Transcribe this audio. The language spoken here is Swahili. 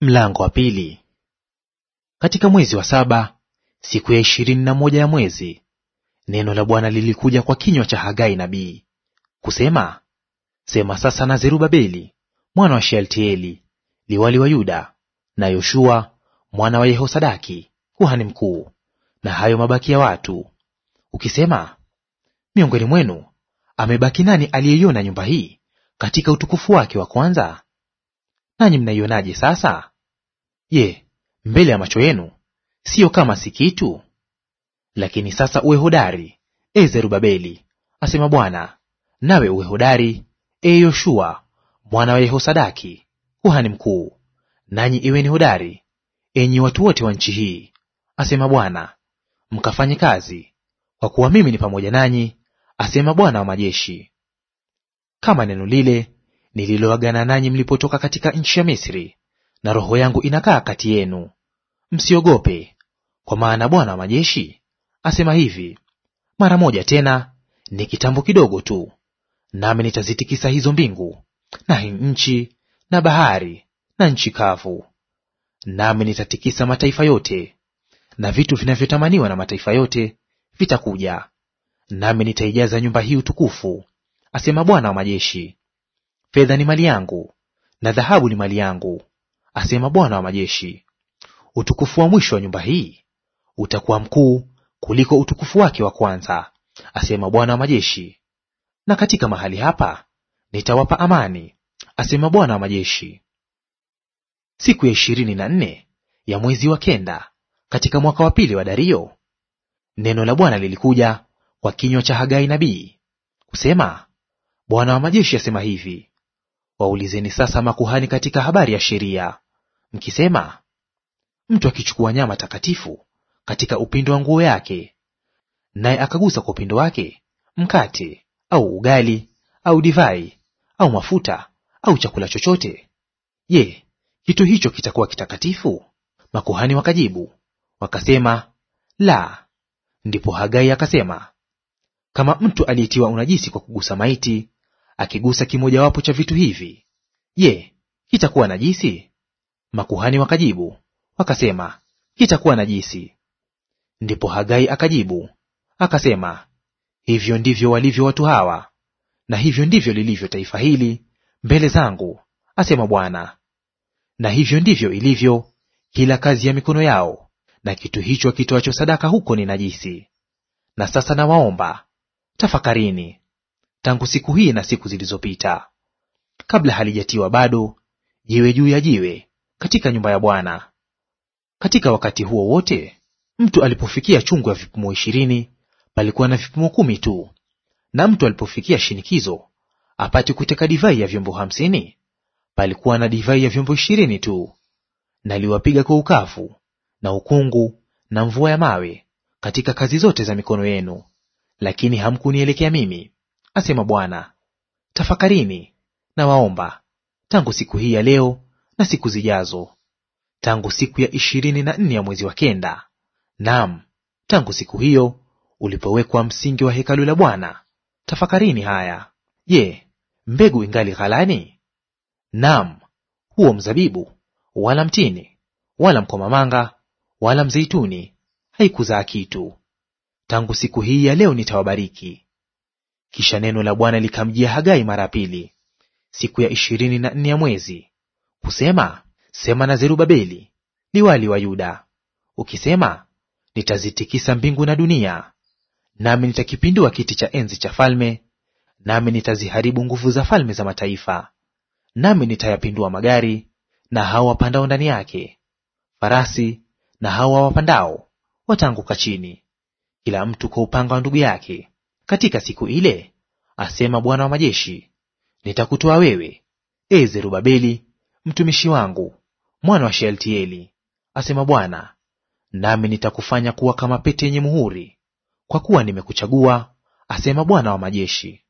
Mlango wa pili. Katika mwezi wa saba, siku ya ishirini na moja ya mwezi, neno la Bwana lilikuja kwa kinywa cha Hagai nabii kusema, sema sasa na Zerubabeli mwana wa Shealtieli liwali wa Yuda, na Yoshua mwana wa Yehosadaki kuhani mkuu, na hayo mabaki ya watu, ukisema, miongoni mwenu amebaki nani aliyeiona nyumba hii katika utukufu wake wa kwanza? Nanyi mnaionaje sasa? Je, mbele ya macho yenu siyo kama si kitu? Lakini sasa uwe hodari, e Zerubabeli, asema Bwana, nawe uwe hodari, e Yoshua mwana wa Yehosadaki kuhani mkuu, nanyi iweni hodari, enyi watu wote wa nchi hii, asema Bwana, mkafanye kazi, kwa kuwa mimi ni pamoja nanyi, asema Bwana wa majeshi. Kama neno lile nililoagana nanyi mlipotoka katika nchi ya Misri, na Roho yangu inakaa kati yenu. Msiogope, kwa maana Bwana wa majeshi asema hivi, mara moja tena, ni kitambo kidogo tu, nami nitazitikisa hizo mbingu na nchi na bahari na nchi kavu. Nami nitatikisa mataifa yote, na vitu vinavyotamaniwa na mataifa yote vitakuja, nami nitaijaza nyumba hii utukufu, asema Bwana wa majeshi. Fedha ni mali yangu na dhahabu ni mali yangu, asema Bwana wa majeshi. Utukufu wa mwisho wa nyumba hii utakuwa mkuu kuliko utukufu wake wa kwanza, asema Bwana wa majeshi. Na katika mahali hapa nitawapa amani, asema Bwana wa majeshi. Siku ya ishirini na nne ya mwezi wa kenda katika mwaka wa pili wa Dario, neno la Bwana lilikuja kwa kinywa cha Hagai nabii kusema, Bwana wa majeshi asema hivi Waulizeni sasa makuhani katika habari ya sheria, mkisema, mtu akichukua nyama takatifu katika upindo wa nguo yake, naye akagusa kwa upindo wake mkate au ugali au divai au mafuta au chakula chochote, je, kitu hicho kitakuwa kitakatifu? Makuhani wakajibu wakasema, la. Ndipo Hagai akasema, kama mtu aliyetiwa unajisi kwa kugusa maiti akigusa kimojawapo cha vitu hivi, je, kitakuwa najisi? Makuhani wakajibu wakasema, kitakuwa najisi. Ndipo Hagai akajibu akasema, hivyo ndivyo walivyo watu hawa, na hivyo ndivyo lilivyo taifa hili mbele zangu, asema Bwana. Na hivyo ndivyo ilivyo kila kazi ya mikono yao, na kitu hicho kitoacho sadaka huko ni najisi. Na sasa nawaomba, tafakarini tangu siku hii na siku zilizopita, kabla halijatiwa bado jiwe juu ya jiwe katika nyumba ya Bwana. Katika wakati huo wote mtu alipofikia chungu ya vipimo ishirini palikuwa na vipimo kumi tu, na mtu alipofikia shinikizo apate kuteka divai ya vyombo hamsini palikuwa na divai ya vyombo ishirini tu. Naliwapiga kwa ukavu na ukungu na mvua ya mawe katika kazi zote za mikono yenu, lakini hamkunielekea mimi, asema Bwana. Tafakarini na waomba tangu siku hii ya leo na siku zijazo, tangu siku ya ishirini na nne ya mwezi wa kenda, naam, tangu siku hiyo ulipowekwa msingi wa hekalu la Bwana. Tafakarini haya. Je, mbegu ingali ghalani? Naam, huo mzabibu wala mtini wala mkomamanga wala mzeituni haikuzaa kitu. Tangu siku hii ya leo nitawabariki, kisha neno la Bwana likamjia Hagai mara pili, siku ya ishirini na nne ya mwezi, kusema, sema na Zerubabeli liwali wa Yuda, ukisema, nitazitikisa mbingu na dunia, nami nitakipindua kiti cha enzi cha falme, nami nitaziharibu nguvu za falme za mataifa, nami nitayapindua magari na hao wapandao ndani yake, farasi na hao wawapandao wataanguka chini, kila mtu kwa upanga wa ndugu yake. Katika siku ile, asema Bwana wa majeshi, nitakutoa wewe, e Zerubabeli, mtumishi wangu, mwana wa Shealtieli, asema Bwana, nami nitakufanya kuwa kama pete yenye muhuri, kwa kuwa nimekuchagua, asema Bwana wa majeshi.